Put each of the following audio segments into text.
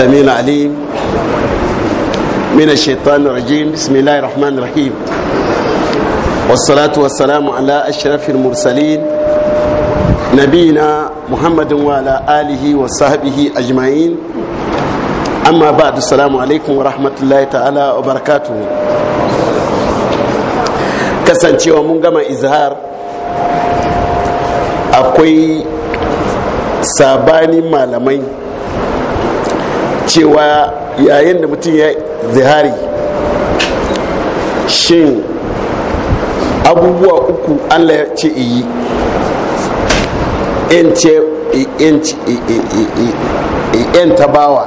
السميع العليم من الشيطان الرجيم بسم الله الرحمن الرحيم والصلاة والسلام على أشرف المرسلين نبينا محمد وعلى آله وصحبه أجمعين أما بعد السلام عليكم ورحمة الله تعالى وبركاته كسانتي ومنغم إزهار أقوي ساباني مالمين cewa yayin da mutum ya zihari shin abubuwa uku allah ya ce iyi in tabawa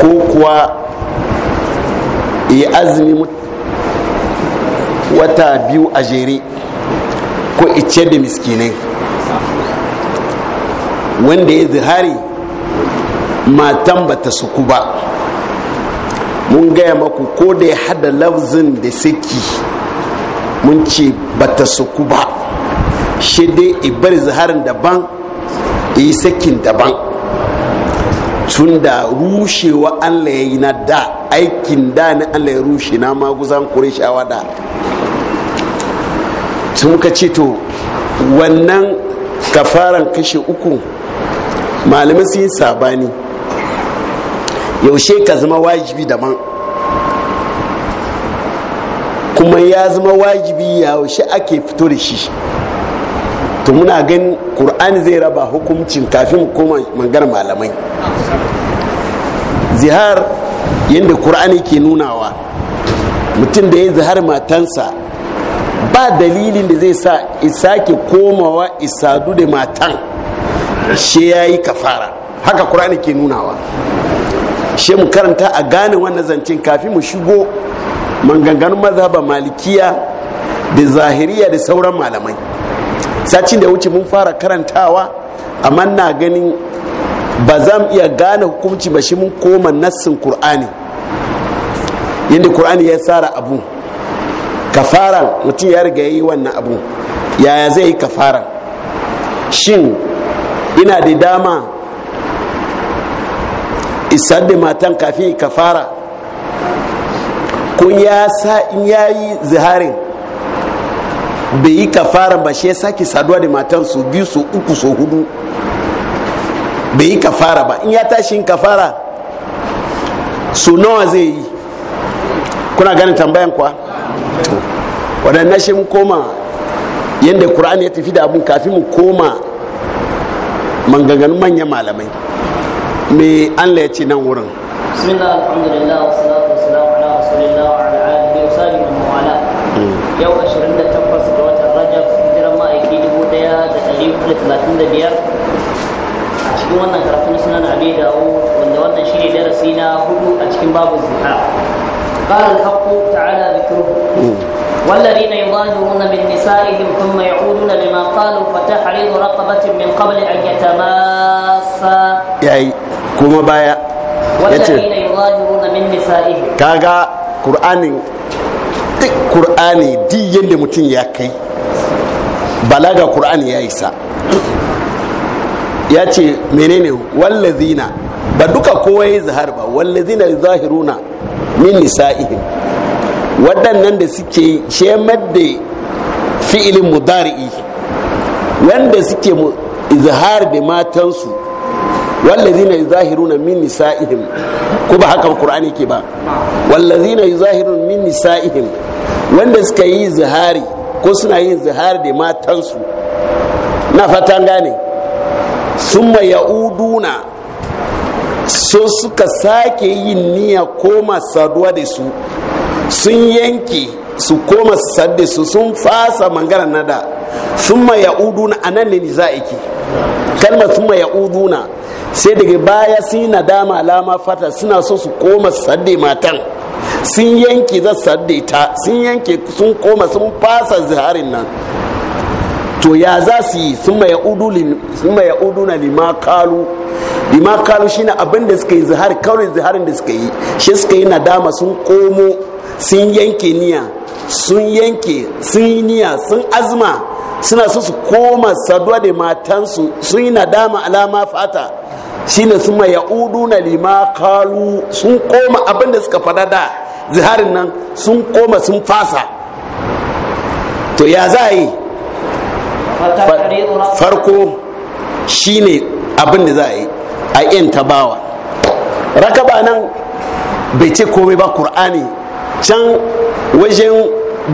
ko kuwa ya azumi wata biyu a jere ko ice da miskinai wanda ya zihari matan ba ta suku ba mun gaya maku ko da ya hada lafzin da saki mun ce ba ta suku ba shi dai ibar ziharin daban yi sakin daban tun da rushewa allah ya yi na da aikin da na allah ya rushe na maguzan kurishawa da tun ka ce to wannan kafaran kashe uku malamin sun yi sabani yaushe ka zama wajibi daban kuma ya zama wajibi yaushe ake fito da shi to muna gan ƙur'ani zai raba hukuncin kafin koma mangar malamai zihar yadda ƙur'ani ke nunawa mutum da ya zihar matansa ba dalilin da zai sa isa ke komawa isadu da matan she ya yi kafara haka kur'ani ke nunawa shi mu karanta a gane wannan zancen kafin mu shigo maganganun mazhaba malikiya da zahiriya da sauran malamai sacin da wuce mun fara karantawa amma na ganin ba za mu iya gane hukunci ba shi mun koma nassin kur'ani yadda kur'ani ya tsara abu kafaran mutum ya riga ya yi wannan abu yaya zai yi kafaran shin ina da dama isar da matan kafin ka fara kun ya sa in ya yi ziharin bai yi kafara ba shi ya sake saduwa da matan su biyu su uku su hudu bai yi kafara ba in ya tashi ka kafara su nawa zai yi kuna ganin tambayan kuwa wadannan shi koma yadda kur'ani ya tafi da abun kafin mu koma manganganun manyan malamai me allah ya ce nan wurin hmm. yau 28 ga watan rajab hijiran ma'aiki 1435 a cikin wannan karatun sunan abi dawo wanda wannan shi ne darasi na hudu a cikin babu zuha قال الحق تعالى ذكره والذين يظاهرون من نسائهم ثم يعودون لما قالوا فتحريض رقبة من قبل أن يتماسا يعني كما بايا والذين يظاهرون من نسائهم كاغا قرآن duk ƙur'ani duk yadda mutum ya kai balaga ƙur'ani ya isa ya ce menene wallazina ba duka kowa ya zahar ba wallazina zahiruna min nisa'ihim waɗannan da suke shemar da fi'ilin mudari'i wanda suke izhar da matansu wallazina yuzahiruna min nisa'ihim ko ba haka qur'ani ke ba wallazina yuzahiruna min nisa'ihim wanda suka yi zihari ko suna yin zihari da matansu na fatan gane sun ya'uduna so suka sake yin niyya ko masaduwa da su sun yanke su koma su sadde su sun fasa mangana na da sun ma ya'uduna a nan ne ni za'iki kalma sun ma ya'uduna sai daga baya sun yi nadama lama fata suna so su koma su sadde matan sun yanke za su sadde ta sun yanke sun koma sun fasa ziharin nan to ya za su yi sun ma udu na lima kalu lima kalu shine abin da suka yi zihar kawai ziharin da suka yi shi suka yi nadama sun komo sun yanke niya sun yanke sun yi niya sun azma suna so su koma saduwa da matansu sun yi nadama alama fata shine su ma ya'udu na lima kalu sun koma abinda suka fada da ziharin nan sun koma sun fasa to ya za yi farko shine abinda za a yi a yin tabawa rakaba nan bai ce komai ba kur'ani can wajen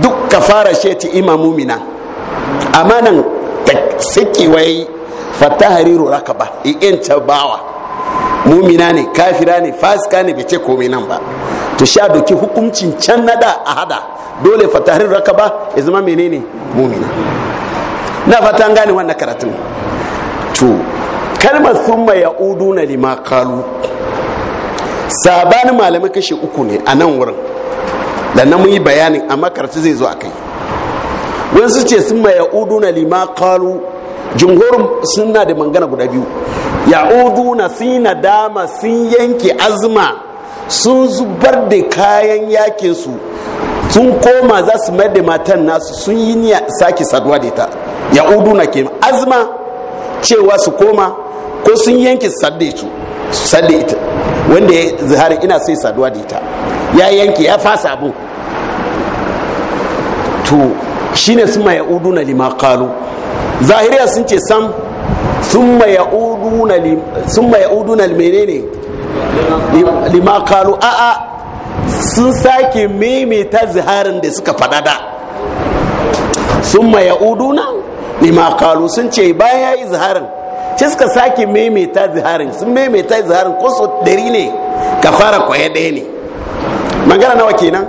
duk ka fara sheti ima mumina amma nan sakewa yi fatahariru rakaba iyanta bawa mumina ne kafira ne fasika ne bai ce komai nan ba to sha doki hukuncin can na da a hada dole raka ba ya zama menene mumina na fata an gane wannan karatun to kalmar summa ya uduna lima kalu sabanin malamai kashe uku ne a nan wurin da na mun yi bayanin amma karshe zai zo a kai wani su ce sun mai ya'uduna lima kalu jumhurin suna da mangana guda biyu Ya'udu na sun yi nadama sun yanke azma sun zubar da kayan yakin su sun koma za su mayar da matan nasu sun yi niyya sake saduwa da ita ya'uduna ke azma cewa su koma ko sun yanke sadda ita wanda ya zihari ina sai saduwa da ita ya yanke ya fasa abu to shine suma ya'uduna lima qalu zahiriya sun ce sam sun maya udu na limene ne lima kalu. a a sun sake maimaita ziharin da suka fada da summa ya'uduna lima kalu sun ce bayan yi ziharin ciska suka sake maimaita ziharin sun maimaita ziharin ko ɗari ne ka fara kwaye ɗaya ne magana nawa kenan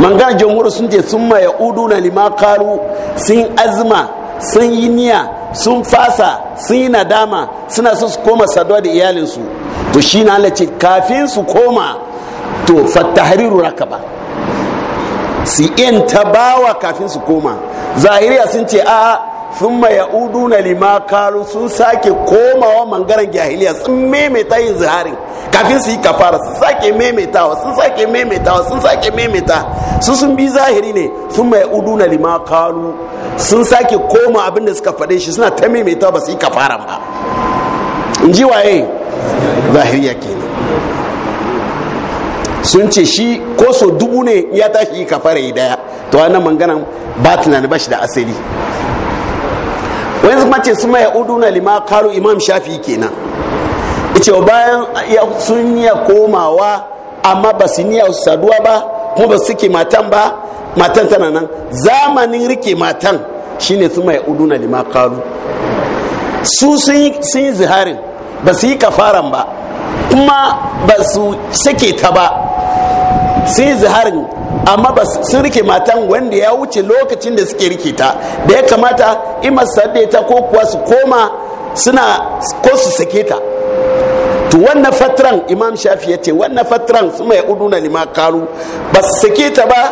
magana jamhuri sun ce sun maye udu na limakalu sun azma sun yi niyya sun fasa sun yi nadama suna so su koma saduwa da iyalinsu to shi na ce kafin su koma to fattahariru rakaba su si ta bawa kafin su koma zahiriya sun ce a'a. sun ma na lima kalu sun sake komawa mangaren jahiliya sun maimaita yin zaharin kafin su yi kafara sun sake maimaitawa sun sake maimaitawa sun sake maimaita su sun bi zahiri ne sun ma na lima kalu sun sake koma abinda suka faɗe shi suna ta maimaita ba su yi kafara ba in ji waye zahiriya kenan sun ce shi ko so dubu ne ya tashi yi kafara daya to wannan manganan ba tunani ba shi da asali wani zama ce su mai uduna lima karo imam shafi kenan ice bayan sun yi komawa amma ba su niya saduwa ba kuma ba su ke matan ba matan tana nan zamanin rike matan shine su udu uduna lima karo su sun yi ziharin ba su yi kafaran ba kuma ba su sake ta ba sai zaharin amma ba sun rike matan wanda ya wuce lokacin da suke rike ta da ya kamata ima sadde ta ko kuwa su koma suna ko su sake ta to wannan fatran imam shafi ya ce wannan fatran su mai na lima karu ba su sake ta ba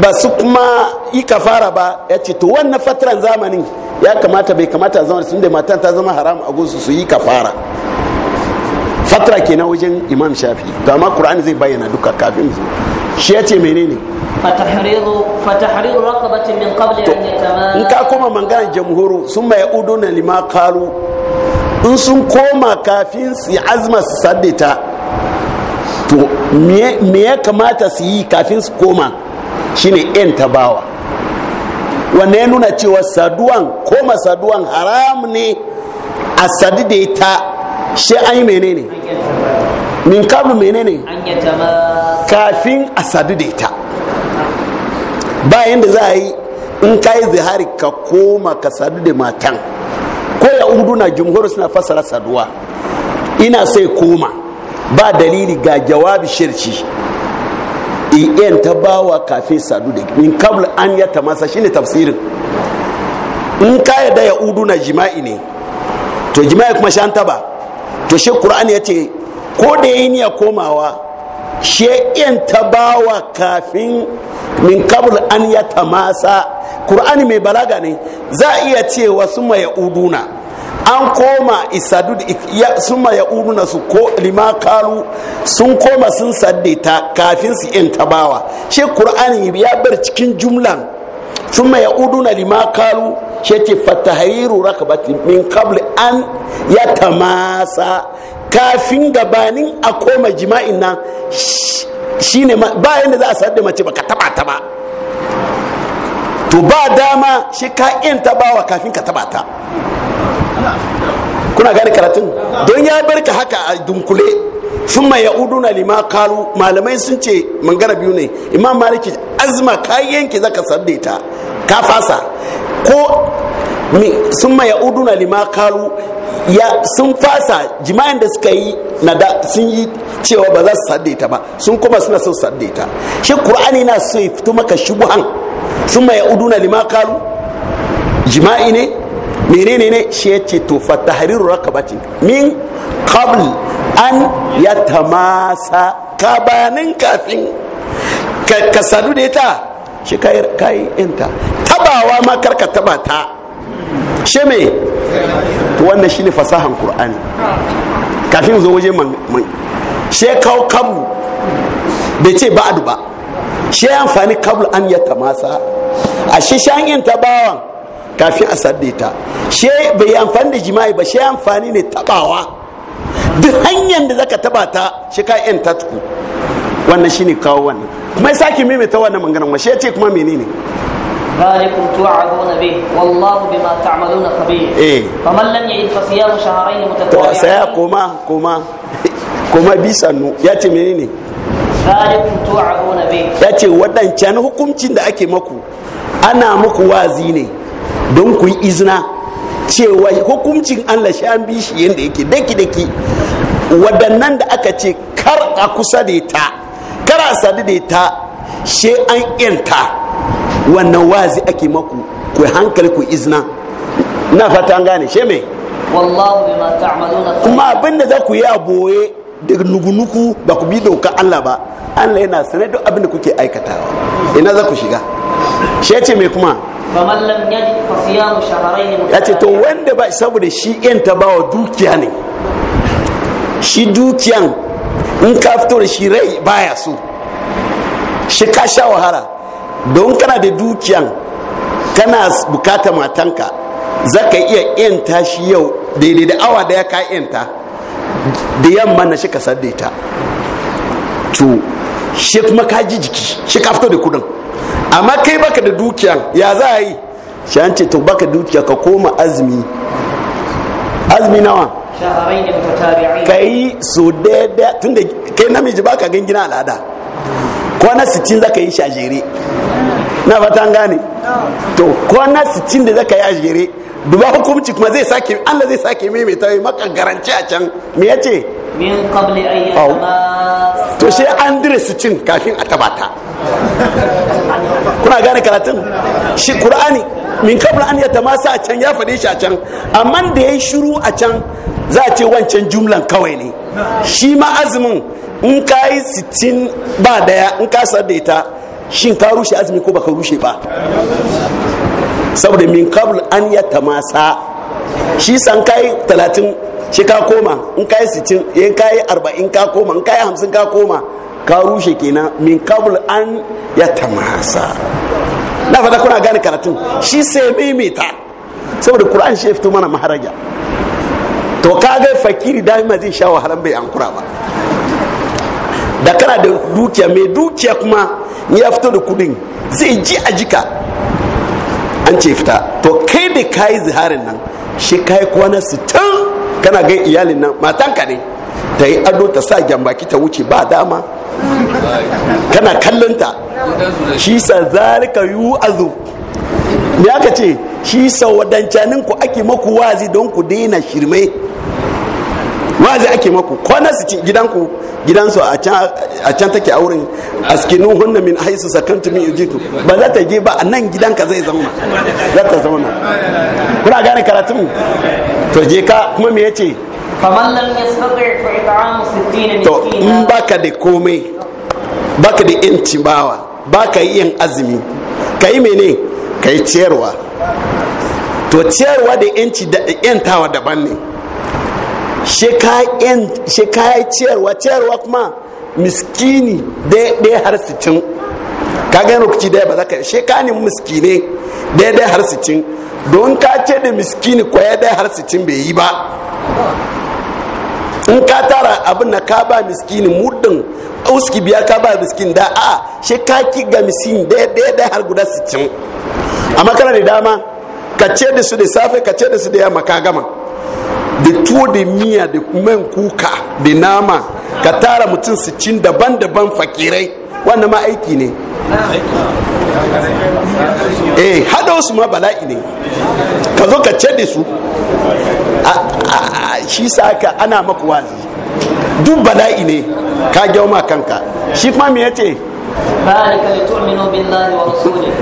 ba su kuma yi kafara ba ya ce to wannan fatran zamanin ya kamata bai kamata zama sun da matan ta zama haram a gusu su yi kafara fatra kenan wajen imam shafi to amma qur'ani zai bayyana duka kafin zuwa. shi yace menene fatahridu fatahridu raqabatin min qabl an yatama in ka koma mangana jamhuru summa yauduna lima qalu in sun koma kafin su azma su saddita to me ya kamata su yi kafin su koma shine yan tabawa wannan ya nuna cewa saduwan koma saduwan haram ne a sadi da ita shi an yi menene min kabu menene kafin a sadu da ita bayan da za a yi in ka yi zihari ka koma ka sadu da matan ko ya na jumhur suna fasara saduwa ina sai koma ba dalili ga jawabi shirci in e ta bawa kafin sadu da min kabu an ya shi shine tafsirin in ka ya ya na jima'i ne to jima'i kuma shan taba to shi qur'ani ya ce ko da yi niyya komawa shi yan tabawa kafin min kabul an ya tamasa qur'ani mai balaga ne za a iya ce wasu mai uduna an koma isadu sun ya su ko lima sun koma sun sadde kafin su yan tabawa shi ya bar cikin jumlan sun maya udu na lima kalu shi ce fatahiru raka ba ti min kabla an ya ta masa kafin gabanin a koma jima'in na shi ne ba a yadda za a mace ba ka taba ta ba to ba dama shi ka'in ta bawa kafin ka taba ta kuna gane karatun don ya bar ka haka a dunkule sun ma mai na lima kalu malamai sun ce mangana biyu ne imam maliki azma kayan ki zaka sadde ta ka fasa ko sun ma mai na lima kalu ya sun fasa jima'in da suka yi na da sun yi cewa ba za su sadde ta ba sun kuma suna son sadde ta shi qur'ani na so ya fito maka shubuhan sun ma mai na lima kalu jima'i ne menene ne shi ya ce to fa tahriru rakabatin min qabl an yatamasa bayanin kafin ka sadu da ita shi kai inta tabawa ma karka taba ta shi me Wannan wannan shine fasahan qur'ani kafin zo waje man she kawo kabu bai ce ba adu ba she amfani kabul an yatamasa a shi shan yin tabawan kafin a sadde ta she bai amfani da jima'i ba she amfani ne tabawa duk hanyar da zaka taba ta shi ka yan tatku wannan shine kawo wannan kuma ya sake ta wannan maganar ma she ya ce kuma menene ذلكم توعدون به والله بما تعملون خبير إيه؟ فمن لم يعد فصيام شهرين متتابعين سيقوما كما كما بيسانو ياتي منيني ذلكم توعدون به ياتي ودان كان حكمتين da ake maku ana muku wazi ne don ku yi izina cewa hukuncin Allah shi an bi shi yadda yake daki daki waɗannan da aka ce kar a kusa da ta kar a sadu da ta she an yanta wannan wazi ake maku ku hankali ku izina na fata an gane she mai kuma abin da za ku yi a boye daga nugu ba ku bi doka Allah ba Allah yana sanar da abin da kuke aikatawa ina za ku shiga shi ce me kuma ya ce to wanda ba saboda shi yan ta bawa dukiya ne shi dukiyan in ka fito da shi rai baya so shi ka sha wahala don kana da dukiyan kana bukata matanka za ka iya yanta shi yau daidai da awa daya ya ka yanta da yamma na shi ka saddaita to shi kuma ka ji jiki shi ka fito da kudin amma kai baka da dukiya ya za a yi shi an ce to baka dukiya ka koma azumi azumi nawa ka yi so daidai tun da kai namiji baka gangina al'ada kwana 60 ka yi shajere jere na fatan gane to kwana 60 da ka yi a jere duba hukumci kuma zai sake Allah zai sake maimaita maka garanci a can me yace min qabli an yatama to sai an dire su cin kafin a tabata kuna gane karatun shi qur'ani min qabli an yatama a can ya fade shi a can amma da yayi shiru a can za a ce wancan jumlan kawai ne shi ma azumin in ka yi sittin ba daya in ka sadda ita shin ka rushe azumi ko baka rushe ba saboda min qabl an yatamasa shi san kai talatin shi ka koma in ka yi sitin in ka yi arba'in ka koma in ka yi hamsin ka koma ka rushe kenan min kabul an ya tamasa na fata kuna gane karatun shi sai maimaita saboda kur'an shi ya fito mana maharaja to ka kaga fakiri dama zai sha wahalan bai ankura ba da kana da dukiya mai dukiya kuma ya fito da kudin zai ji a jika an ce fita to kai da kayi ziharin nan shi kai kwana sitin kana gan iyalin nan matanka ne ta yi ado ta sa gyambaki ta wuce ba dama kana kallonta shi sa zalika yu azu me aka ce shi sa wadancanin ku ake maku wazi don ku daina shirme wazi ake maku kwana su ci gidanku gidansu a can take auren askinu hunna min haisu sakantu min yujitu ba za ta je ba a nan gidanka zai zauna za ta zauna kuna gane karatun to je ka kuma me yace kamar lam yasbaqi fa it'amu 60 miskina to in baka da komai baka da yanci bawa baka yin azumi kai mene kai ciyarwa to ciyarwa da yanci da yantawa daban ne shekaya ciyarwa ciyarwa kuma miskini daidai har sittin ka gani rukuci daya ba za ka yi shekani miskini daidai har sittin don ka ce da miskini ya daya har sittin bai yi ba in ka tara abin na ka ba miskini muddin uski biya ka ba miskin da a shi ka ki ga miskin daidai ɗaya har guda sittin amma kana da dama ka ce da su da safe ka ce da su da yamma ka gama da tuwo da miya da man kuka da nama ka tara mutum cin daban-daban fakirai wannan ma aiki ne eh hada wasu ma bala'i ne ka zo ka ce da su shi sa ka ana maku wazi duk bala'i ne ka gyau ma kanka shi kuma me ya ce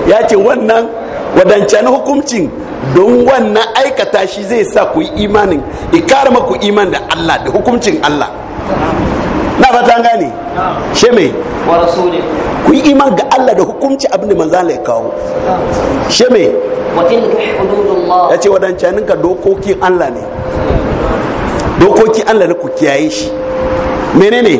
ya ce wannan wadancan hukuncin don wannan aikata shi zai sa ku yi imanin ikara maku iman da Allah da hukuncin Allah na fata gane she mai ku yi iman ga Allah da hukunci abin da manzo Allah ya kawo she mai ya ce wadancanin ka dokokin Allah ne dokokin Allah ne ku kiyaye shi menene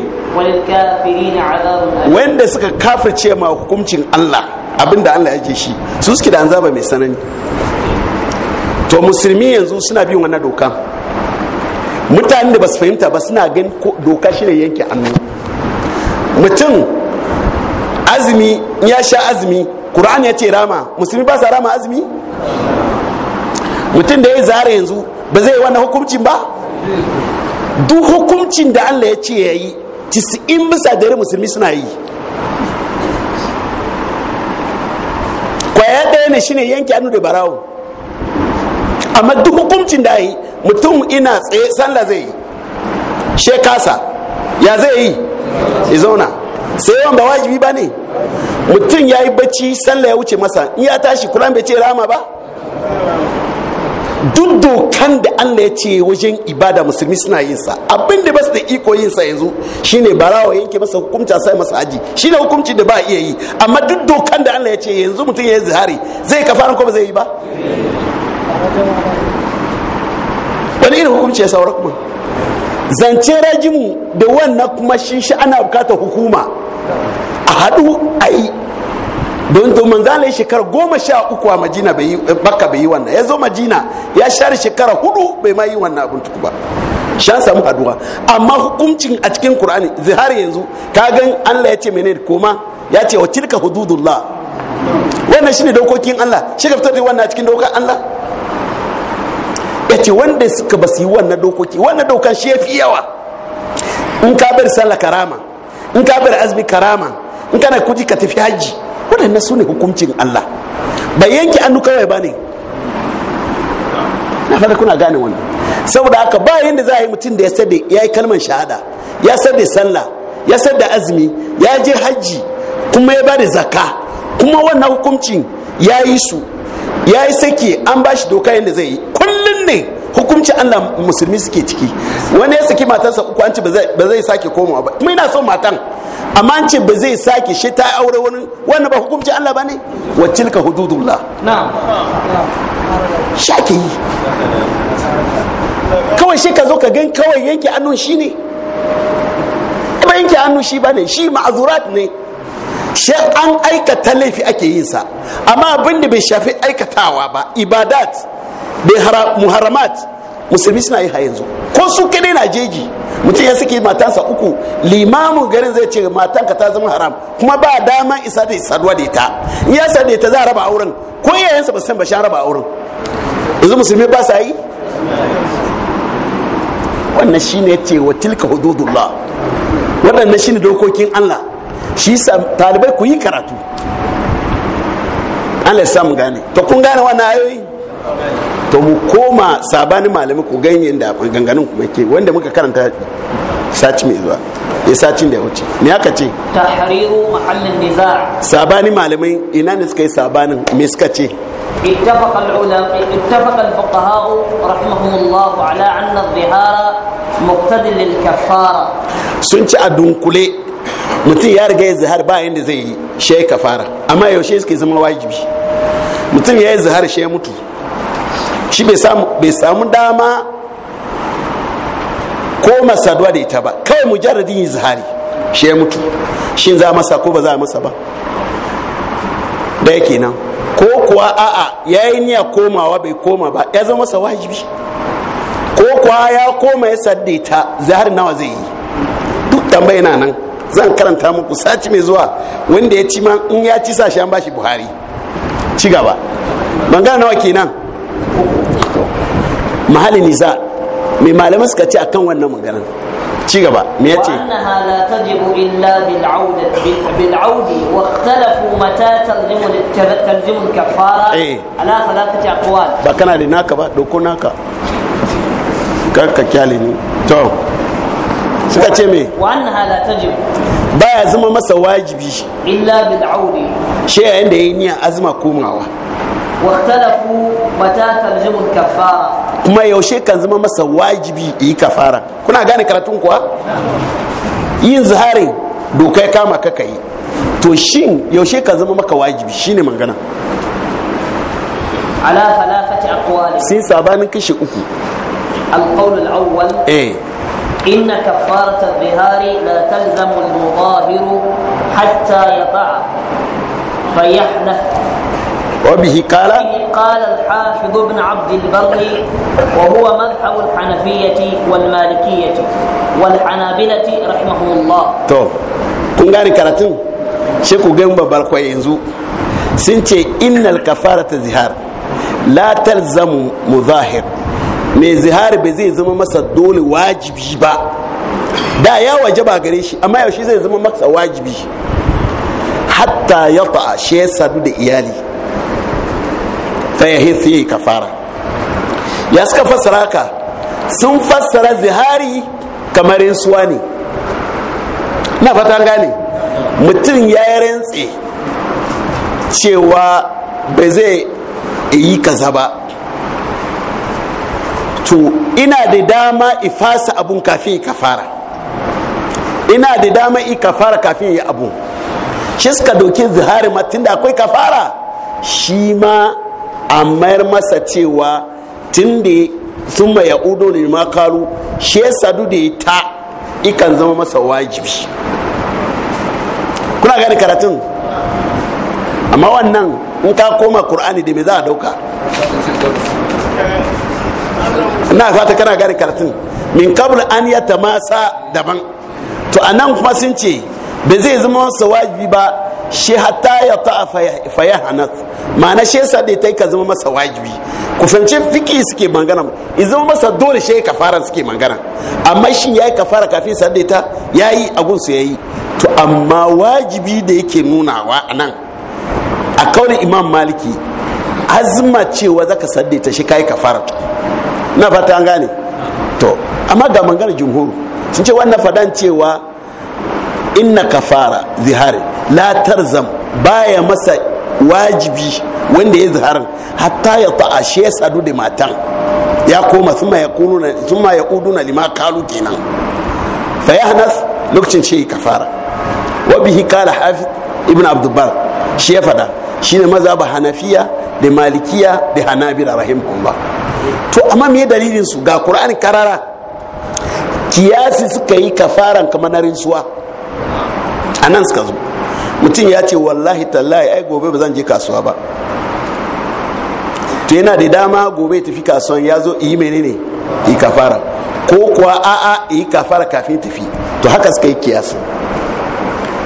wanda suka kafirce ma hukuncin Allah abinda Allah ya shi su suke da anzaba mai sanani to musulmi yanzu suna bin wannan doka mutanen da ba su fahimta ba suna gan doka shi ne yanke hannu mutum azumi ya sha azumi Qur'an ya ce rama musulmi ba sa rama azumi mutum da ya yi zara yanzu ba zai yi wannan hukuncin ba duk hukuncin da Allah ya ce ya yi 90 bisa dare musulmi suna yi kwaya ɗaya ne shine yanke hannu da barawo amma duk hukuncin da yi mutum ina tsaye sallah zai yi she kasa ya zai yi ya zauna sai yawan ba wajibi ba ne mutum ya yi bacci sallah ya wuce masa in ya tashi kuran bai ce rama ba duk dokan da Allah ya ce wajen ibada musulmi suna yin sa abin da ba su da iko yin sa yanzu shine barawa yanke masa hukunci sai masa aji. shine hukunci da ba iya yi amma duk dokan da Allah ya ce yanzu mutum ya yi zihari zai kafara ko ba zai yi ba wani irin hukunci ya saura kuma zance rajimu da wannan kuma shi ana bukatar hukuma a haɗu a yi don to manzala shekara goma sha uku a majina bai eh, makka bai yi wannan ya zo majina ya share shekara hudu bai ma yi wannan abin tuku ba sha samu haduwa amma hukuncin a cikin qur'ani zihar yanzu ka gan Allah ya ce menene koma ya ce wa tilka hududullah wannan shine dokokin Allah shi ka fitar da wannan a cikin dokokin Allah ya ce wanda suka ba su yi wannan dokoki wannan dokan shi ya fi yawa in ka bar sallah karama in ka bar azumi karama in kana kuji ka tafi hajji waɗannan su ne hukuncin Allah ba yanke annu kawai ba ne na fara kuna gane wannan saboda haka ba yadda za a yi mutum da ya sade ya yi kalmar shahada ya sade sallah ya sade azumi ya je hajji kuma ya bada zaka kuma wannan hukuncin ya yi su ya yi sake an ba shi doka yadda zai yi kullum ne hukunci Allah musulmi suke ciki wani ya saki matarsa uku an ce ba zai sake komawa ba kuma na son matan amma an ce ba zai sake shi ta aure wani wani ba hukumci Allah ba ne wacce ka hududullah Sha ke yi kawai shi ka zo ka gan kawai yanke annun shi ne ba yanke annun shi ba ne shi ma'azurat ne shi an aikata laifi ake yin sa amma abin da bai shafi aikatawa ba ibadat da muharramat musulmi suna yi ha yanzu ko su kadai na jeji mutum ya suke matansa uku limamin garin zai ce matanka ta zama haram kuma ba dama isa da saduwa da ita in ya sadu da ita za a raba auren ko yayansa ba san ba shan raba auren yanzu musulmi ba sa yi wannan shi ne ce wa tilka hududullah waɗannan ne dokokin Allah shi sa talibai ku yi karatu Allah ya samu gane to kun gane wannan ayoyi to mu koma sabani malami ku ganye da ganganin kuma ke wanda muka karanta saci mai zuwa ya eh, sacin da ya wuce me aka ce tahriru mahallin nizar sabani malamai ina ne suka yi sabanin me suka ce اتفق العلماء اتفق الفقهاء رحمهم الله على ان الظهار مقتد للكفاره sun ci a dunkule mutum ya riga ya zahar ba yadda zai yi shi kafara amma yaushe suke zama wajibi mutum ya yi zahar shi ya mutu shi bai samu dama ko masaduwa da ita ba mu jaradin yi zahari shi ya mutu shi za masa ko ba za masa ba da yake nan ko kuwa a'a ya yi niya komawa bai koma ba ya zama masa wajibi ko kuwa ya koma ya sadde ita zahari nawa zai yi duk tambayi na nan zan karanta muku sati mai zuwa wanda ya ci ma in ya ci sashi an bashi buhari ci gaba bangana nawa kenan mahali nisa mai malaman suka ce akan wannan magana ci gaba me ya ce wannan hala ta jibu illa bil audi bil audi wa ikhtalafu mata talzimu talzimu kafara eh ala salatati aqwal ba kana da naka ba doko naka ka ka kyale ni to suka ce me wannan hala ta jibu ya zama masa wajibi illa bil audi shi yayin da yayi niyan azuma komawa واختلفوا متى تلزم الكفاره كما يوشي كان زما مسا واجبي اي كفاره كنا غاني كراتون كو yin zaharin dokai kama kaka to shin yaushe ka zama maka wajibi shine mangana ala halafati aqwali sin sabanin kishi uku al qawl awwal eh inna kafarat al zihari la tanzamu al mudahiru hatta yata fa yahnath وبه قال قال الحافظ ابن عبد البر وهو مذهب الحنفية والمالكية والحنابلة رحمهم الله تو kun gane karatun sai ku gan kwa yanzu sun ce innal kafara ta zihar la talzamu muzahir mai zihar ba zai zama masa dole wajibi ba da ya waje ba gare shi amma yaushe zai zama masa wajibi hatta ya shi ya sadu da iyali fa ya yi kafara ya suka fassara ka sun fassara zihari kamar rinsuwa ne na fata gane mutum ya yi rantse cewa bai zai yi kaza ba to ina da dama ifasa abun kafin kafara ina da dama i kafara kafin yi abu shi suka dokin zihari ma tunda akwai kafara shi ma a mayar masa cewa tun da sun ya udo ne ma karu shi ya sadu da ya ta ikan zama masa wajibi kuna gani karatun amma wannan in ka koma kur'ani da me za a dauka ina fata kana gani karatun min kabul an ya ta masa daban to a nan kuma sun ce bai zai zama wasu wajibi ba shi hatta ya ta'a faya hanat ma'ana shi yasa da ka zama masa wajibi ku fahimci fiki suke mangana in zama masa dole shi kafara suke mangana amma shi yi kafara kafin sa da ta yayi abun su yi to amma wajibi da yake nunawa nan a kawai imam maliki azma cewa zaka saddaita shi kai kafara na fata an gane to amma ga mangana jumhuru sun ce wannan fadan cewa inna kafara zihari la tarzam baya masa wajibi wanda ya zaharar hatta ya ta'a shi ya sadu da matan ya koma suma ya na lima kalu kenan fa ya hanas lokacin ce kafara wa bihi kala hafi ibn abdubar shi ya fada shi ne maza ba hanafiya da malikiya da hanabila rahimahullah to amma me dalilin su ga qur'ani karara kiyasi suka yi kafaran kamar na rinsuwa anan suka zo mutum ya ce wallahi tallahi ai gobe ba zan je kasuwa ba to yana da dama gobe tafi kasuwan ya zo yi ne yi kafara ko kuwa a'a yi kafara kafin tafi to haka suka yi kiyasu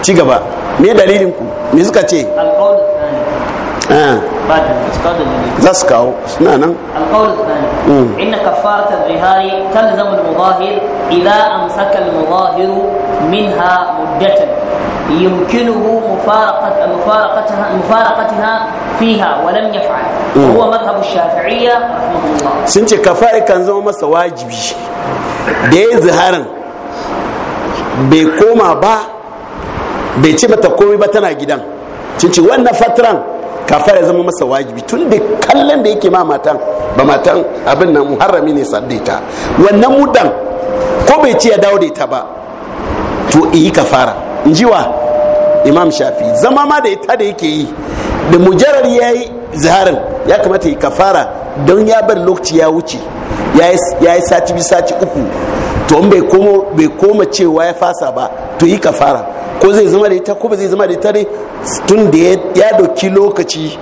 ci gaba me dalilin ku me suka ce ah. za su kawo suna nan إن كفارة الظهار تلزم المظاهر إذا أمسك المظاهر منها مدة يمكنه مفارقة مفارقتها مفارقتها فيها ولم يفعل وهو مذهب الشافعية رحمه الله سنتي كفارة كان زما مسا واجبي da ya ziharin bai koma ba bai ce mata komai ba tana gidan cinci wannan fatran kafara zama masa wajibi tun da kallon da yake ma matan ba matan abin nan muharrami ne saddaita wannan mudan ko bai ci ya dawo da ita ba to iyi fara. in ji wa imam shafi zama ma da ita da yake yi da mujarar ya yi ziharin ya kamata ya kafara don ya bar lokaci ya wuce ya yi sati bi sati uku to bai koma cewa ya fasa ba to yi kafara ko zai zama da ita ko ba zai zama da ita ne tun da ya doki lokaci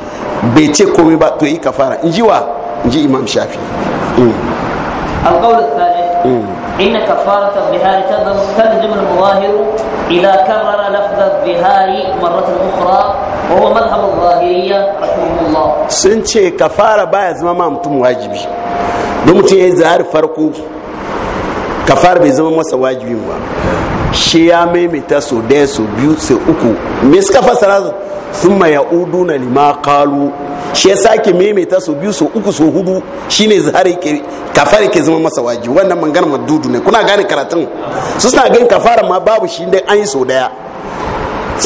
bai ce komai ba to yi kafara in ji wa in ji imam shafi mm. إن كفارة الظهار تلزم المظاهر إذا كرر لفظ الظهار مرة أخرى وهو مذهب الظاهرية رحمه الله سنشي كفارة بايز ما مامتم واجبي دمتي زهار فرقو kafar bai zama masa wajibi ba shi ya maimaita so daya so biyu so uku me suka fasara sun ma ya'udu na lima kalu shi ya sake maimaita so biyu so uku so hudu shine zahari kafar ke zama masa waji wannan mangana madudu ne kuna gane karatun su suna gani kafara ma babu shi dai an yi so daya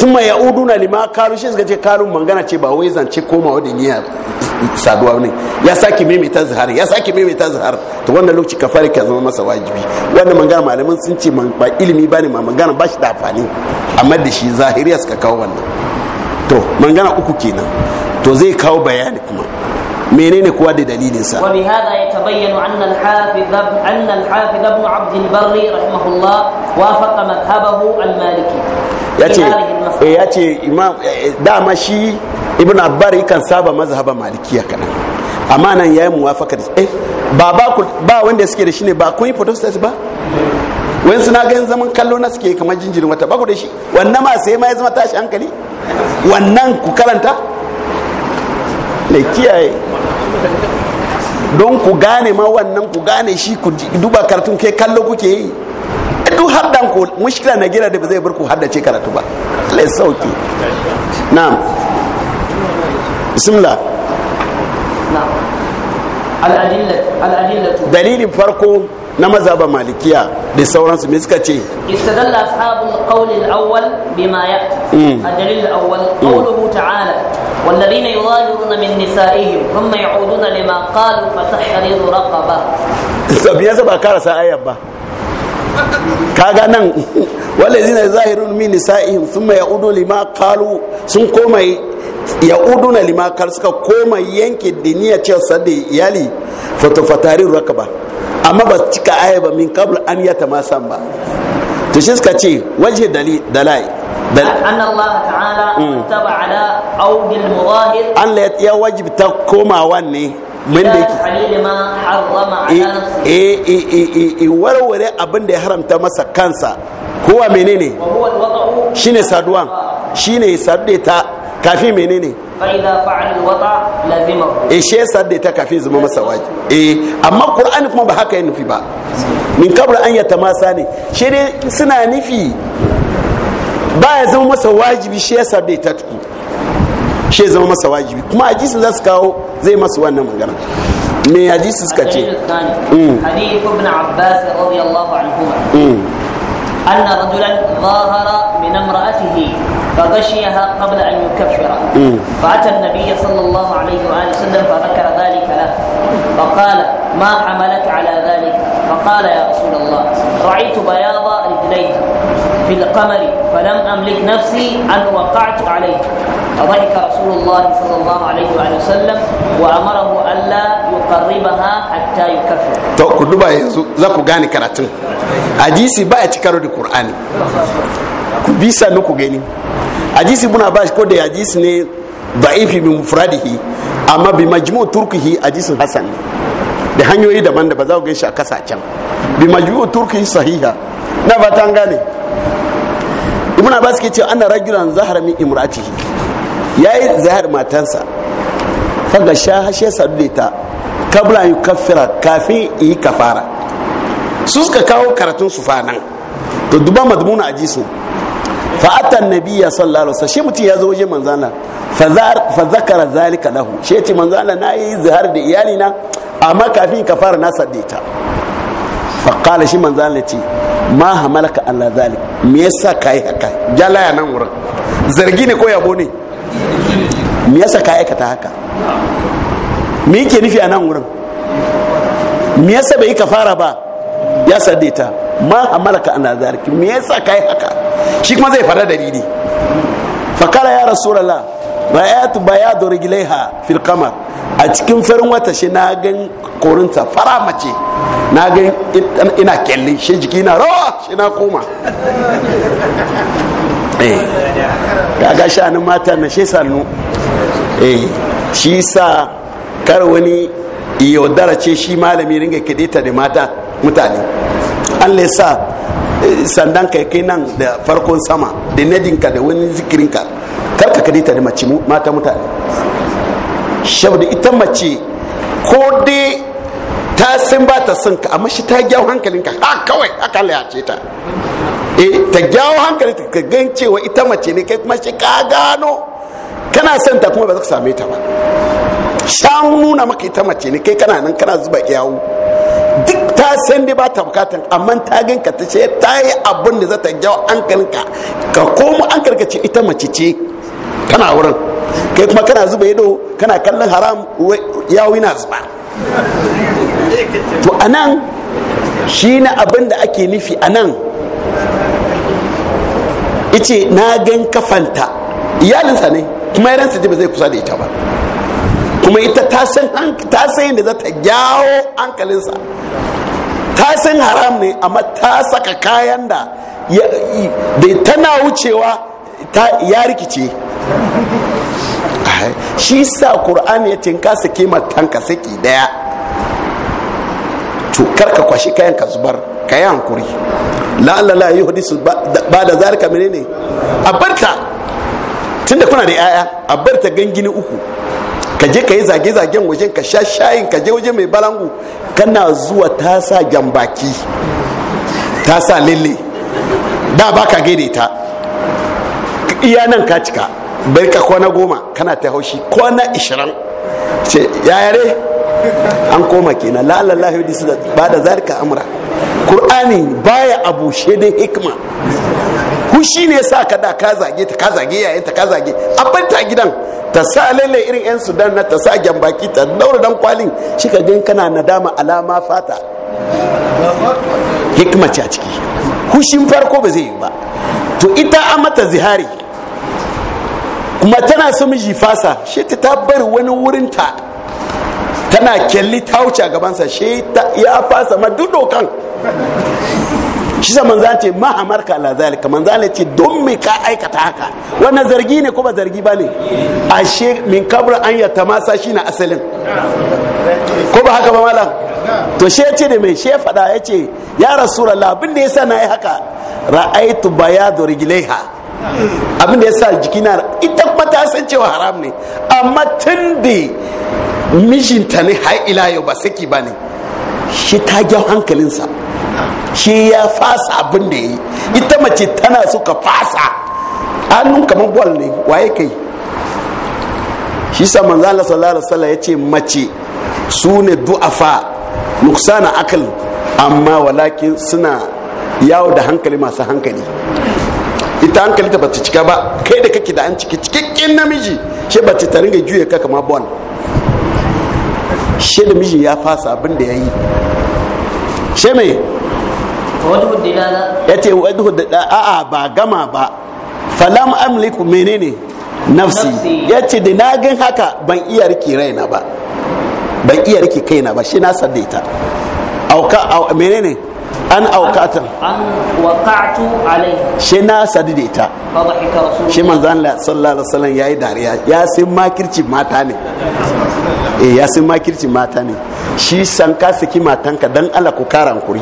ma ya uduna lima karu shi suka ce karun mangana ce ba wai zance koma da niyya saduwa ne ya sake maimaita zahar ya sake maimaita zahar to wannan lokaci ka fara ka zama masa wajibi wannan mangana malamin sun ce ba ilimi ba ne ma mangana ba shi da amfani amma da shi zahiriya suka kawo wannan to mangana uku kenan to zai kawo bayani kuma menene kuwa da anna al hafiz anna al hafiz الحافظ abd al barri rahimahullah wafaqa madhhabahu al maliki. ya ce eh, eh, dama shi ibn abbar kan saba mazhaban malikiya kana amma nan yayi muwafaka da eh ba ba ku ba wanda suke da shi ne ba kun yi photostat ba wayan suna ganin zaman kallo na suke kamar jinjirin wata ba ku da shi wannan ma sai ma ya zama tashi hankali wannan ku karanta mai kiyaye don ku gane ma wannan ku gane shi ku duba kartun kai kallo kuke yi duk haddan ku mushkila na gina da ba zai bar ku haddace karatu ba lai sauki ya bismillah na'am bismillah dalilin farko na mazaba malikiya da sauransu me suka ce istadalla ashabul qawl al-awwal bima ya'ti mm. ad-dalil al-awwal qawluhu ta'ala والذين يظاهرون من نسائهم ثم يعودون لما قالوا فتحرير رقبه سبيا سبا كارسا ايه ba. kaga nan walazina zahirun min nisa'ihim thumma ya'udu lima qalu sun koma na lima kalu suka koma yanke diniya cewa yali iyali fatafatarin rakaba amma ba cika aya ba min qabl an yatamasan ba to shi suka ce waje dalil dalai أن الله تعالى تبع على أوج المظاهر أن لا يوجب تقوم min da yake warware abin da ya haramta masa kansa kowa menene shine saduwan shine sadde ta kafin menene ishe sadde ta kafin zama masa waje eh amma qur'ani kuma ba haka ya nufi ba min kabra an yata masa ne shi ne suna nufi ba ya zama masa wajibi shi ya sadde tuku shi zama masa wajibi kuma hadisin za su kawo zai masu wannan magana me hadisi suka ce hadith ibn abbas radiyallahu anhu أن رجلا ظاهر من امرأته فغشيها قبل أن يكفر فأتى النبي صلى الله عليه وآله وسلم فذكر ذلك له فقال ما حملك على ذلك فقال يا رسول الله بياض في القمر فلم أملك نفسي أن وقعت عليه فضحك رسول الله صلى الله عليه وآله وسلم وأمره ألا يقربها حتى يكفر to ku duba yanzu za ku gane karatun hadisi ba ya ci da qur'ani ku bisa sanu ku gani hadisi muna ba shi ko da hadisi ne ba da'ifi bi mufradihi amma bi majmu turkihi hadisin hasan da hanyoyi daban da ba za ku gan shi a kasa can bi majmu turkihi sahiha na ba ta gane ibn abbas ke ce ana rajulan zahar min imratihi yayi zahar matansa faga sha hashe sadu kabla yi kafira kafin yi kafara su suka kawo karatun su fanan to duba madmuna a jisu fa'atan nabiya sallallahu alaihi wasallam shi mutum ya zo waje manzana fa zakara zalika lahu shi ya ce manzana na yi zahar da iyalina amma kafin kafara na sadde faƙala shi manzo Allah ce ma hamalaka Allah zalik me yasa kai haka jalaya nan wurin zargi ne ko yabo ne me yasa ka aikata haka me yake nufi a nan wurin me yasa bai ka fara ba ya saddeta ma hamalaka Allah zalik me yasa kai haka shi kuma zai fara dalili faƙala ya rasulullah rayatu bayadu rijlaiha fil qamar a cikin farin wata shi na gan korinta fara mace na gan ina kelle shi jiki na rawa shi na koma eh kaga shanin mata na shi sannu eh shi sa kar wani yaudara ce shi malami ringa kidita da mata mutane allah ya sa eh, sandan kai kai nan da farkon sama da nadinka da wani zikirinka karka kadi ta da mace mata mutane da ita mace ko dai ta san ba ta son ka amma shi ta gyawo hankalinka ha kawai aka Allah ya ce ta eh ta gyawo hankali ka gan cewa ita mace ne kai kuma shi ka gano kana son ta kuma ba za ka same ta ba shan nuna maka ita mace ne kai kana nan kana zuba yawo duk ta san dai ba ta bukatan amma ta gan ka ta ce ta yi abin da za ta gyawo hankalinka ka komo hankalinka ce ita mace ce kana wurin kai kuma kana zuba ido kana kallon haram yawi na zuba to anan shi na abin da ake nufi anan ice na gan kafanta iyalinsa ne kuma yaransa ji ba zai kusa da ita ba kuma ita ta san da za ta jawo hankalinsa ta san haram ne amma ta saka kayan da tana wucewa ya rikice shi sa qur'ani ya ce ka sake matan ka saki daya to karka kwashi kayan ka zubar ka yi hankuri la'alla la yuhdisu ba da mene menene a barta tunda kuna da yaya a barta gangini uku ka je ka yi zage-zagen wajen ka sha shayin ka je wajen mai balangu kana zuwa ta sa jambaki ta sa lalle da ba ka gaida ta iya nan ka cika barka kwana goma kana ta haushi kwana ishirin ce ya yare an koma kenan la'alallah yau disu ba da zarika amura ƙur'ani baya abu shaidin hikima hushi ne sa ka da ka zage ta ka zage yayin ta ka zage abin ta gidan ta sa lalle irin yan sudan na ta sa baki, ta daura dan kwalin shi ka gan kana dama alama fata hikima ce a ciki hushin farko ba zai yi ba to ita a mata zihari tana su miji fasa shi ta ta bar wani ta tana kyalli ta wuce a gabansa shi ta ya fasa ma duk dokan shi sa manzan ce ma hamarka ala zalika manzan ce don me ka aikata haka wannan zargi ne ko ba zargi ba ne ashe min kabur an ya ta masa shi na asalin ko ba haka ba malam to she ce da mai she fada ya ce ya rasu abin da sa na yi haka ra'aitu bayadu rijlaiha abin da ya sa jiki na ita kuma ta san cewa haram ne amma tun da mijinta ne har ila yau ba saki ba ne shi ta gyau hankalinsa shi ya fasa abin da ya yi ita mace tana so ka fasa hannun kamar bol ne waye kai shi sa manzala sallallahu alaihi ya ce mace su ne du'afa nuksana akal amma walakin suna yawo da hankali masu hankali ita hankalinta bata cika ba kai da kake da an ciki cikakken namiji shi bata tarin ga juya ka kama bon shi da miji ya fasa abin da ya yi shi mai ya ce wadda a'a ba gama ba falam amliku menene nafsi ya ce da na gan haka ban iya rike raina ba ban iya rike kaina ba shi na sadaita auka menene an auqatin an waqa'tu alai shi na sadu da shi manzo Allah sallallahu alaihi wasallam yayi dariya ya sai makirci mata ne eh ya sai makirci mata ne shi san ka saki matanka dan Allah ku karan kuri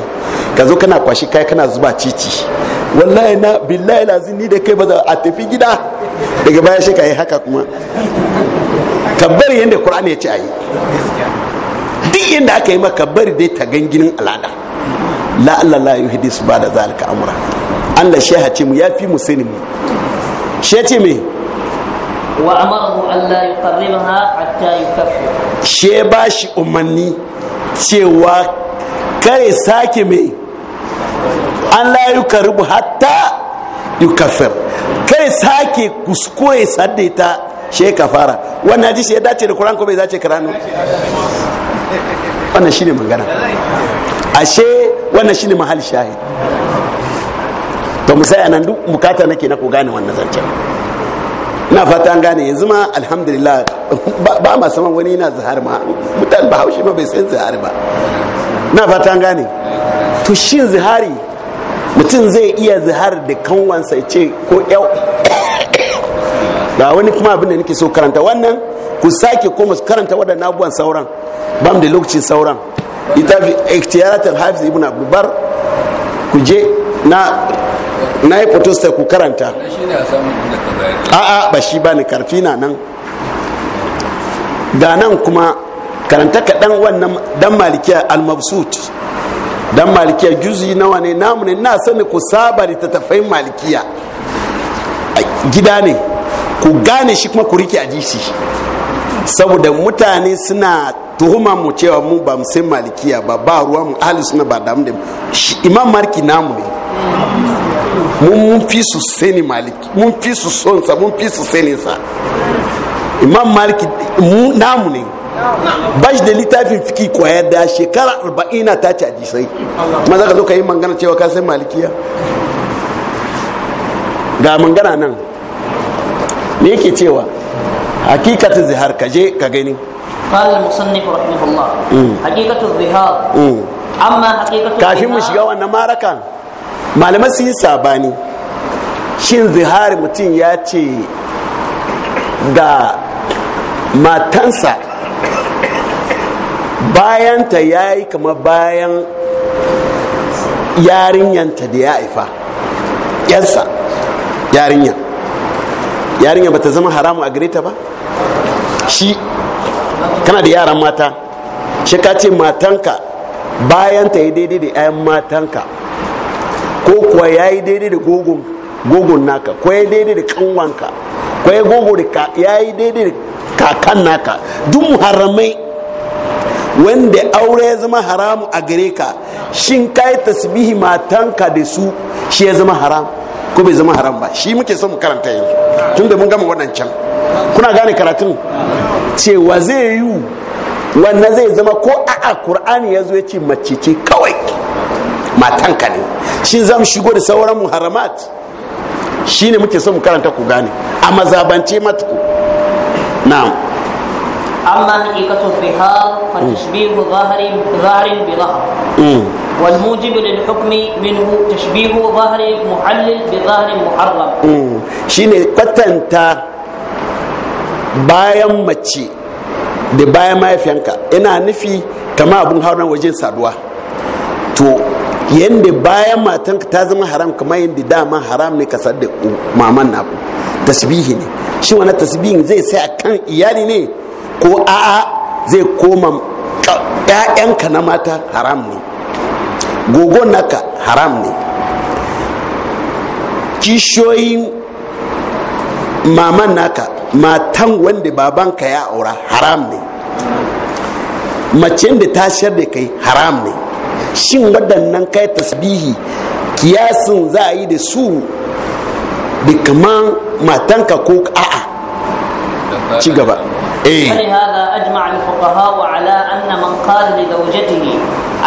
ka zo kana kwashi kai kana zuba cici wallahi na billahi lazin ni da kai ba za a tafi gida daga baya shi kai haka kuma ka bari qur'ani ya ce ayi duk yadda aka yi maka bari dai ta ganginin al'ada la Allah la yuhdisu ba da zalika an Allah shi hace mu fi mu sani mu shi ce me wa amarahu Allah yuqarribaha hatta yukaffir shi ba shi umarni cewa kare sake me an la karibu hatta yukaffir kare sake kuskure saddaita she kafara wannan hadisi ya dace da kur'an ko bai zace Qur'an wannan ne magana ashe wannan ne mahal shahid to mu sai nan duk bukata nake na ku gane wannan zancen na fata an gane yanzu ma alhamdulillah ba ma saman wani yana zahar ma mutan ba haushi ma bai san zahar ba na fata an gane to shin zahari mutum zai iya zahar da kanwansa ce ko yau ba wani kuma abin da nake so karanta wannan ku sake koma karanta waɗannan abubuwan sauran bam da lokacin sauran ikhtiyaratul hafiz ibn abubar ku je na na yi fotosta ku karanta a'a ba shi ba ni karfi na nan ga nan kuma karanta kaɗan wannan dan malikiya al-mabsut dan malikiya juzi nawa ne namu ne na sani ku saba tattafai malikiya gida ne ku gane shi kuma ku rike a jisi saboda mutane suna tuhuma mu cewa mu ba mu san malikiya ba ba ruwa mu ahli suna ba da da imam marki namu ne mun fi su sani maliki mun fi su son sa mun fi su sani sa imam maliki namu ne ba da littafin fiki kwaya da shekara arba'ina ta ci ajisai ma za ka zo ka yi mangana cewa ka san malikiya ga mangana nan me yake cewa hakikatin zihar kaje ka gani قال المصنف رحمه الله حقيقة الظهار أما حقيقة كافي مش جوا أنما ركان معلومة سين ساباني shin zihari mutum ya ce da matansa bayanta ya yi kama bayan yarinyanta da ya haifa yansa yarinya yarinya ba ta zama haramu a gare ta ba shi kana da yaran mata shi ka ce matanka bayan ta yi daidai da 'yan matanka ko kuwa ya yi daidai da gogon naka ko ya yi daidai da kanwanka ko ya ya yi daidai da kakan naka duk haramai wanda aure ya zama haramu a gare ka shin ka yi tasbihi matanka da su shi ya zama haram ko bai zama haram ba shi muke son mu karanta yanzu tun da mun gama can. kuna gane karatun cewa zai yi wannan zai zama ko a qur'ani ya zo ya ce mace ce kawai Matan matanka ne shi zan shigo da sauran muharramat shi ne muke mu karanta ku gane a mazabance matuku na'am amma hakikatu fi hal fa mm. tashbihu zahiri zahiri bi zahir mm. wal mujib lil hukmi minhu tashbihu zahiri muhallil bi zahiri muharram mm. shine kwatanta bayan mace da bayan mahaifiyanka ina nufi kama abin hauran wajen saduwa to yadda bayan matanka ta zama haram kamar yadda dama haram ne ka da maman naku tasbihi ne shi wani tasbihin zai sai a kan iyali ne ko a'a zai koma ƴaƴanka na mata haram ne gogo naka haram ne kishiyoyin maman naka matan wanda babanka ya aura haram ne macen da ta shar da kai haram ne shin waɗannan kai tasbihi kiyasin za a yi da su da kaman matanka ko a'a ci gaba ولهذا أجمع الفقهاء على أن من قال لزوجته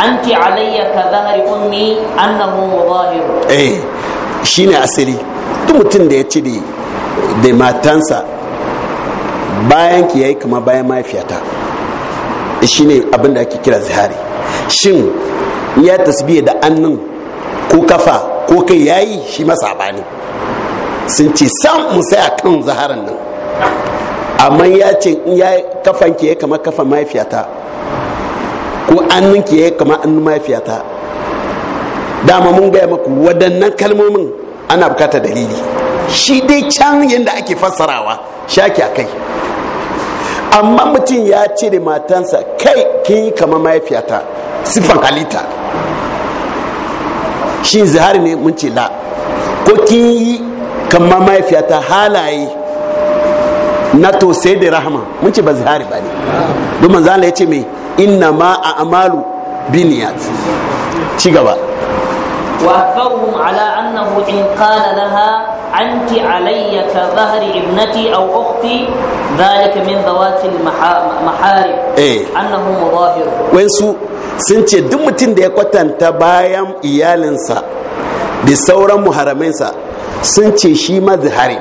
أنت علي كظهر أمي أنه مظاهر إيه أسري تمتن دي bayan ki yayi kama bayan mahaifiyata shi abin da ake kira zihari shin ya tasbiya da annun ko kafa ko kai yayi shi masa bani sun ce sam mu sai akan zaharan nan amma ya ce in ya kafan ki yayi kamar kafan mahaifiyata ko annun ki yayi kama annun mahaifiyata dama mun gaya maku wadannan kalmomin ana bukata dalili shi dai can yadda ake fassarawa shaki a kai amma mutum ya ce da matansa kai kin yi kama mahaifiyata siffan halitta shi zihari ne mun ce la ko kin yi kama mahaifiyata halaye na sai da rahama mun ce ba zihari ba ne domin zala ya ce mai inna ma a amalu biniyat ci gaba wa ala annahu in qala laha أنت علي كظهر ابنتي أو أختي ذلك من ذوات المحارم إيه. أنه مظاهر وينسو سنتي دمتين دي قطن تبايم إيالنسا da sauran muharaminsa sun ce shi mazhari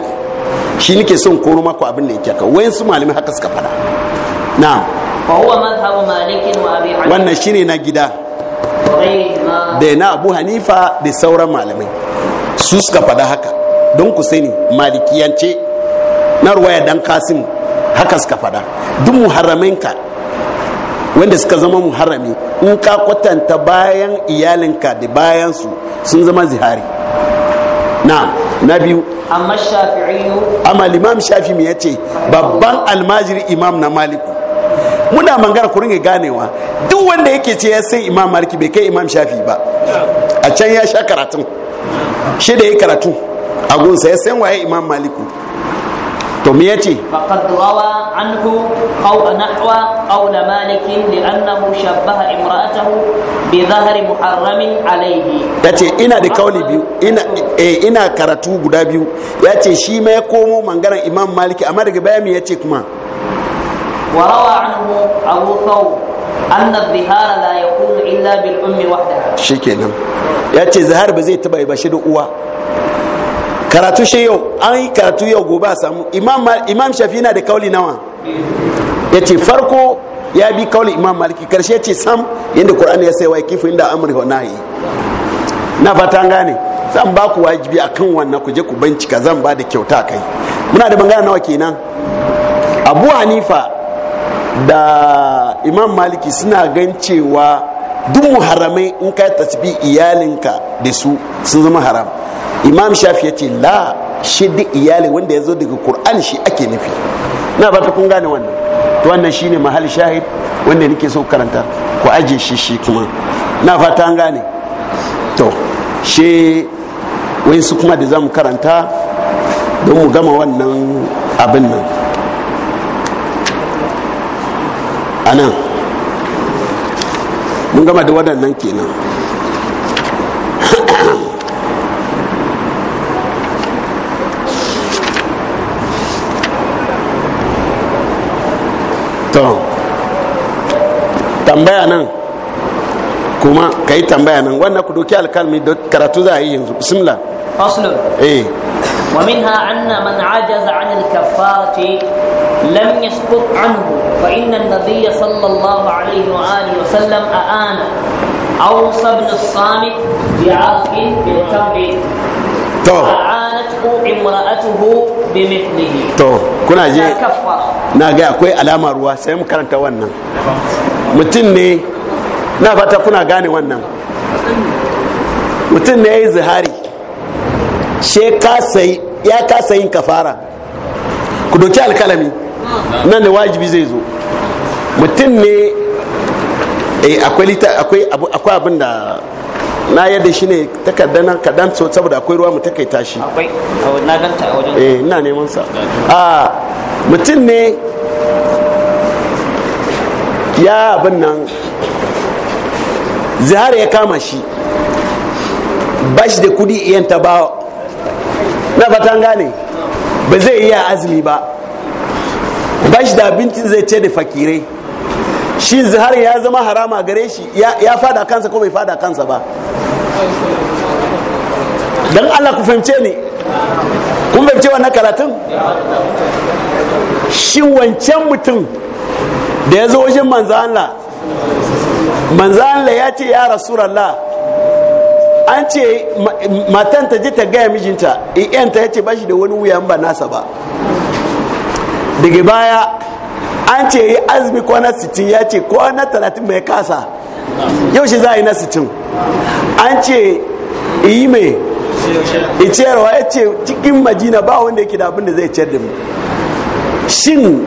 shi son koro maku abin da yake wayan su malami haka suka fada na wannan ne na gida da na abu hanifa da sauran malamai su suka fada haka don ku sani malikiyance na ruwaya dan kasim haka suka fada duk muharraminka wanda suka zama muharrami in ka kwatanta bayan iyalinka da bayansu sun zama zihari na na biyu amma amma limam shafi ya ce babban almajiri imam na maliku muna mangara kurin ya ganewa duk wanda yake ce ya san imam maliki bai kai imam shafi ba a can ya sha karatun shi da ya karatu Agun gunsa ya san waye imam maliku to me yace faqad rawa anhu aw nahwa aw la malik li'annahu shabbaha imra'atahu bi dhahri muharramin alayhi yace ina da kauli biyu ina eh, ina karatu guda biyu yace shi ma ya komo mangaran imam maliki amma daga baya me yace kuma وروى عنه أبو ثور أن ummi لا يكون إلا بالأم وحدها شكرا يأتي الظهار بزي تبعي بشر uwa? karatu shi yau an yi karatu yau gobe a samu imam shafi na da kauli nawa ya ce farko ya bi kauli imam maliki karshe ce sam yadda qur'ani ya sai wa kifu inda amri wa nahi na fata gane zan ba ku wajibi akan wannan ku je ku bincika zan ba da kyauta kai muna da bangana nawa kenan abu hanifa da imam maliki suna gan cewa duk haramai in ka tasbi iyalinka da su sun zama haram imam shafi ya ce la shi duk iyali wanda ya zo daga kur'an shi ake nufi na ba ta kun gane wannan to wannan shi ne mahal shahid wanda nake so karanta ku aje shi shi kuma na fata an gane to shi su kuma da za mu karanta don mu gama wannan abin nan anan mun gama da waɗannan kenan to tambaya nan kuma ka yi tambaya nan wannan ku doki alkalmi da karatu za a yi yanzu bismillah faslun eh wa minha anna man ajaza an al-kaffarati lam yasqut anhu fa inna an-nabiy sallallahu alayhi wa alihi wa sallam aana awsa ibn as-samit bi'aqil bil tamri na ga akwai alama ruwa sai mu karanta wannan mutum ne na fata kuna gane wannan mutum ne ya yi zihari ya kasa yin kafara ku doki alkalami nan da wajibi zai zo mutum ne eh, akwai abin da na yadda shi ne takarda nan kadan saboda akwai ruwa mu takaita shi akwai na ganta a wajen eh neman sa ah, mutum ne ya abin nan zihar ya kama shi ba shi da kudi iyan ta ba na fatan gane ba zai iya azumi ba ba shi da abincin zai ce da fakirai shi zihar ya zama harama gare shi ya fada kansa ko bai fada kansa ba don allah ku fahimce ne kun fahimce wannan karatun shi wancan mutum da ya zo wajen manzo Allah ya ce ya rasulullah an ce matan ta ji ta gaya mijinta in eh, ta ba bashi da wani wuyan ba nasa ba daga baya an ce yi azumi kwana 60 ya ce kwana 30 mai kasa yau shi za a yi na 60 an ce yi mai ciyarwa ya ce cikin majina ba wanda yake da abin da zai ciyar da mu shin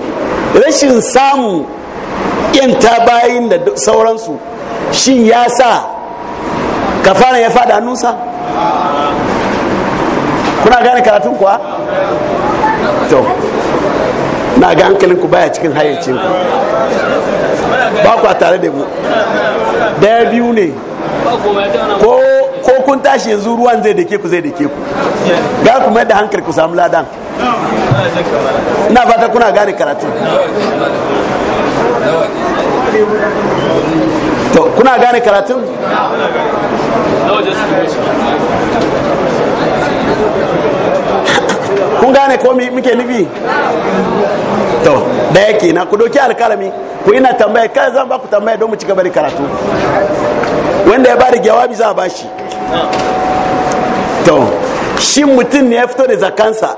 rashin samun yanta bayin da sauransu shin ya sa kafara ya fada hannunsa kuna gane karatun kuwa to na ga hankalinku baya cikin hayyacinku ba ku tare da mu daya biyu ne ko kun tashi yanzu ruwan zai dake ku zai dake ku ga kuma da hankali ku samu ladan ina fata kuna gane karatu to kuna gane karatun kun gane ko muke nufi to da yake na ku doki alkalami ku ina tambaya kai zan ba ku tambaya don mu ci gaba da karatu wanda ya bada jawabi za a bashi to shi mutum ne ya fito da zakansa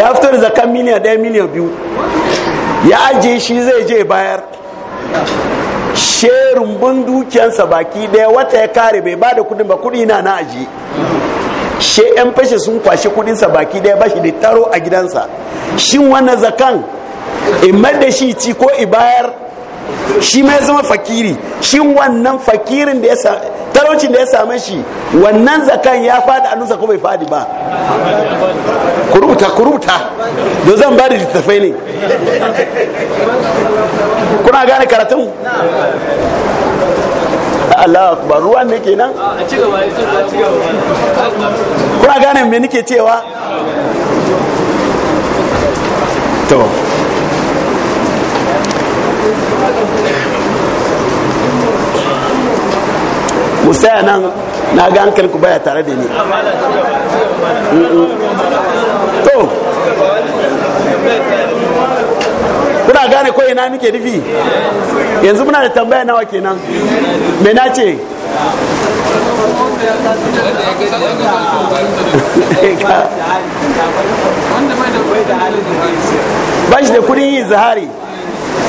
ya fito da zakan miliyan ɗaya miliyan biyu ya ajiye shi zai je bayar bin dukiyansa baki ɗaya wata ya kare bai bada kudin ba kudi na na ajiye she yan fashe sun kwashe kudinsa baki ɗaya ba shi da taro a gidansa shin wannan zakan imar da shi ci ko ibayar shi mai zama fakiri shi wannan fakirin da ya talaucin da ya same shi wannan zakan ya fadi a nusa ko bai fadi ba kurubuta kurubuta don zan ba da littattafai ne kuna gane karatun Allah ba ruwan ne ke nan kuna gane me nike cewa to ku saya nan na ga hankali ku baya tare da ni to kuna gane ko ina nike nufi yanzu muna da tambaya nawa kenan me na ce bashi da kudin yi zahari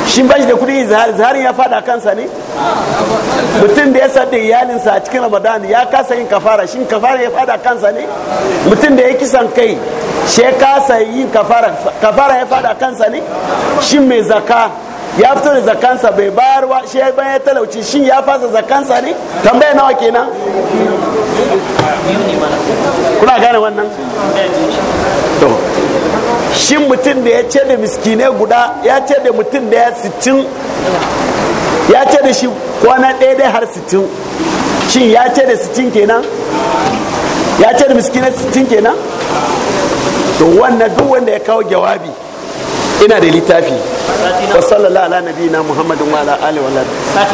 shi bashi da kudin yi zahari zahari ya fada kansa ne mutum da ya sadda iyalinsa a cikin ramadan ya kasa yin kafara shin kafara ya fada kansa ne mutum da ya kisan kai shi kasa yin kafara kafara ya fada kansa ne shin mai zaka ya fito da zakansa bai bayarwa shi ya bayan talauci shin ya fasa zakansa ne tambaya nawa kenan kuna gane wannan to shin mutum da ya ce da miskine guda ya ce da mutum da ya sittin ya ce da shi kwana ɗaya dai har sittin shin ya ce da sittin kenan ya ce da miskina sittin kenan to wannan duk wanda ya kawo jawabi ina da littafi wa sallallahu ala nabiyina muhammadin wa ala alihi wa